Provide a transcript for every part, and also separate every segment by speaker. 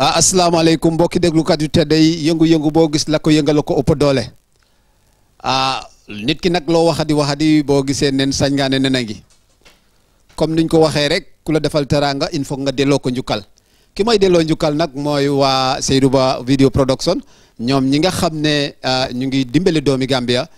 Speaker 1: ah asalaamaaleykum mbokki déglukat yu tedd yi yëngu-yëngu boo gis la ko yëngala ko ëpp doole ah nit ki nag loo waxadi waxadi boo gisee nen sañ ngaa ne nen a ngi comme niñ ko waxee rek ku la defal teraanga il faut nga delloo ko njukkal ki may delloo njukkal nag mooy waa Seydou Ba Video Production ñoom ñi nga xam ne ah, ñu ngi dimbale doomi Gambia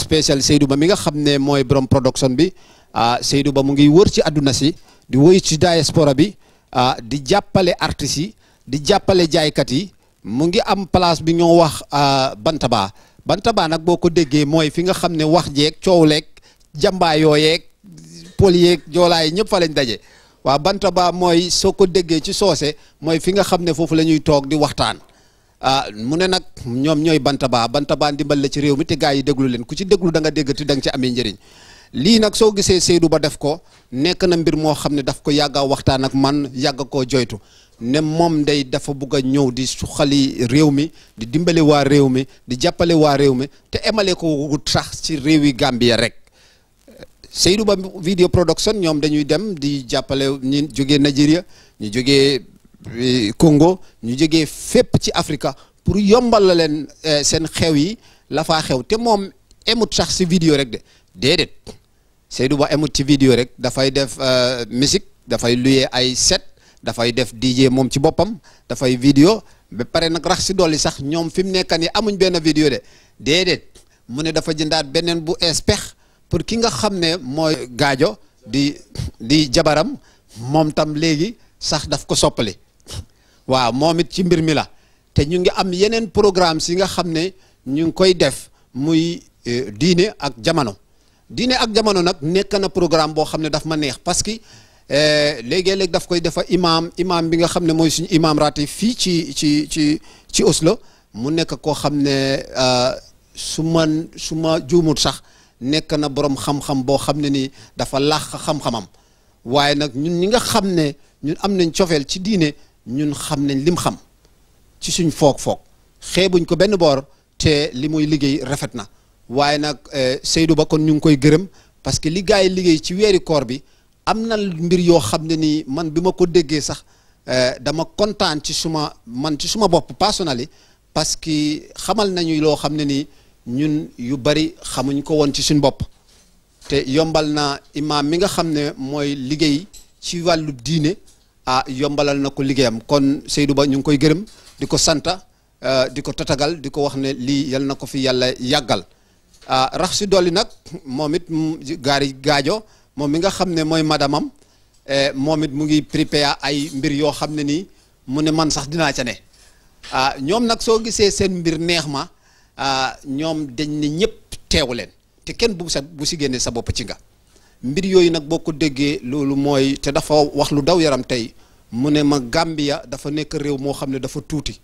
Speaker 1: spécial Seydou Ba mi nga xam ne mooy borom production bi ah, Seydou Ba mu ngi wër ci àdduna si di wëy ci diaspora bi ah, di jàppale artistes yi di jàppale jaaykat yi mu ngi am palace bi ñoo wax euh, bantaba bantaba nag boo ko déggee mooy fi nga xam ne wax jeeg coow leeg jambaayoo yeeg pël yeeg joolaa yi ñëpp fa lañ daje waaw bantaba mooy soo ko déggee ci soose mooy fi nga xam ne foofu la ñuy toog di waxtaan ah mu ne nag ñoom ñooy bantaba bantaba ndimbal la ci réew mi te gaa yi déglu leen ku ci déglu danga nga dégg te da nga ci amee njëriñ lii nag soo gisee Seydou Ba def ko nekk na mbir moo xam ne daf ko yàgg a waxtaan ak man yàgg koo joytu ne moom day dafa bugg a ñëw di suqali réew mi di dimbale waa réew mi di jàppale waa réew mi te emale ko wu sax ci réewi Gambia rek Seydou Ba video production ñoom dañuy dem di jàppale ñi jógee Nigeria ñu jógee eh, Congo ñu jógee fépp ci africa pour yombal la leen eh, seen xew yi la faa xew te moom emut sax ci video rek de déedéet Seydou Ba emut ci video rek dafay def eh, musique dafay luye ay set. dafay def dije moom ci boppam dafay vidéo ba pare nag rax si dolli sax ñoom fi mu nekk nii amuñ benn vidéo de déedéet mu ne dafa jëndaat beneen bu espex pour ki nga xam ne mooy gaajo di di jabaram moom tam léegi sax daf ko soppali waaw moom it ci mbir mi la te ñu ngi am yeneen programme yi nga xam ne ñu ngi koy def muy e, diine ak jamono diine ak jamono nag nekk na programme boo xam ne daf ma neex parce que Eh, léegi-léeg daf koy defa imaam imaam bi nga xam ne mooy suñu imaam raati fii ci ci ci ci Oslo mu nekk koo xam ne suma euh, suma su juumut sax nekk na borom xam-xam boo xam ne nii dafa làq xam-xamam waaye nag ñun ñi nga xam ne ñun am nañ cofeel ci diine ñun xam nañ lim xam ci suñ foog-foog xeebuñ ko benn boor te li muy liggéey rafet na waaye nag euh, Seydou Ba kon ñu ngi koy gërëm parce que li gars liggéey ci weeri koor bi am na mbir yoo xam ne nii man bi ma ko déggee sax euh, dama kontaan ci suma man ci suma bopp personnel yi parce que xamal nañu loo xam ne ni ñun yu bari xamuñ ko woon ci suñ bopp te yombal na maam mi nga xam ne mooy liggéey ci wàllu diine ah yombalal na ko liggéeyam kon Seydou Ba ñu ngi koy gërëm di ko santa euh, di ko tatagal di ko wax ne lii yal na ko fi yàlla yàggal ah, rax si dolli nag moom it gaari gaajo moom mi nga xam ne mooy madamam eh, moom it mu ngi prépare ay mbir yoo xam ne nii mu ne man sax dinaa ca ne ah ñoom nag soo gisee seen mbir neex ma ah, ñoom dañ ne ñëpp teew leen te kenn bu sa bu si génnee sa bopp ci nga mbir yooyu nag boo ko déggee loolu mooy te dafa wax lu daw yaram tey mu ne ma gàmbiya dafa nekk réew moo xam ne dafa tuuti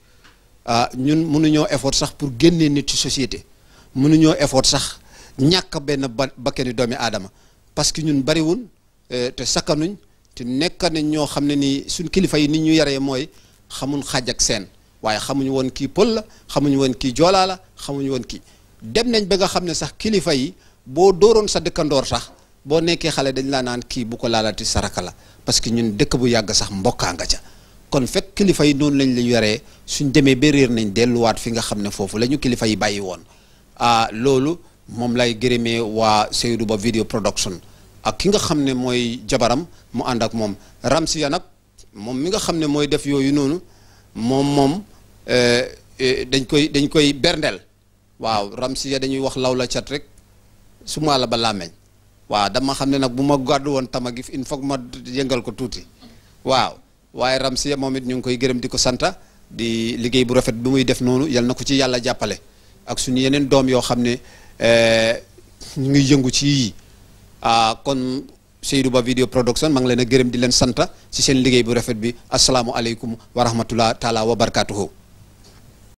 Speaker 1: ah ñun mënuñoo effort sax pour génnee nit ci société mënuñoo effort sax ñàkk benn ba bakkani doomi aadama parce que ñun bariwul euh, te sakkanuñ te nekk nañ ñoo xam ne nii suñ kilifa yi nit ñu yaree mooy xamuñ xaaj ak seen waaye xamuñu woon kii pël la xamuñu woon kii joolaa la xamuñu woon kii dem nañ ba nga xam ne sax kilifa yi boo dooroon sa dëkkandoor sax boo nekkee xale dañ la naan kii bu ko laalati saraka la parce que ñun dëkk bu yàgg sax mbokkaa nga ca kon fekk kilifa yi noonu lañ la yoree suñ demee ba réer nañ delluwaat fi nga xam ne foofu la ñu kilifa yi bàyyi woon ah moom lay gërëmee waa Seydou Ba video production ak ki nga xam ne mooy jabaram mu ànd ak moom Ramsiya nag moom mi nga xam ne mooy def yooyu noonu moom moom euh, euh, dañ koy dañ koy berndeel waaw Ramsiya dañuy wax law la cat rek su ma la ba làmmeñ waaw dama xam ne nag bu ma gàddu woon tama gi il faut ma yëngal ko tuuti waaw waaye Ramsiya moom it ñu ngi koy gërëm di ko santa di liggéey bu rafet bi muy def noonu yal na ko ci yàlla jàppale ak suñu yeneen doom yoo xam ne Eh, ñu ngi yëngu ci yii ah, kon Seydou Ba Video Production maa ngi leen gërëm di leen santa si seen liggéey bu rafet bi asalaamualeykum wa rahmatullah taalaa wa barakaatuhu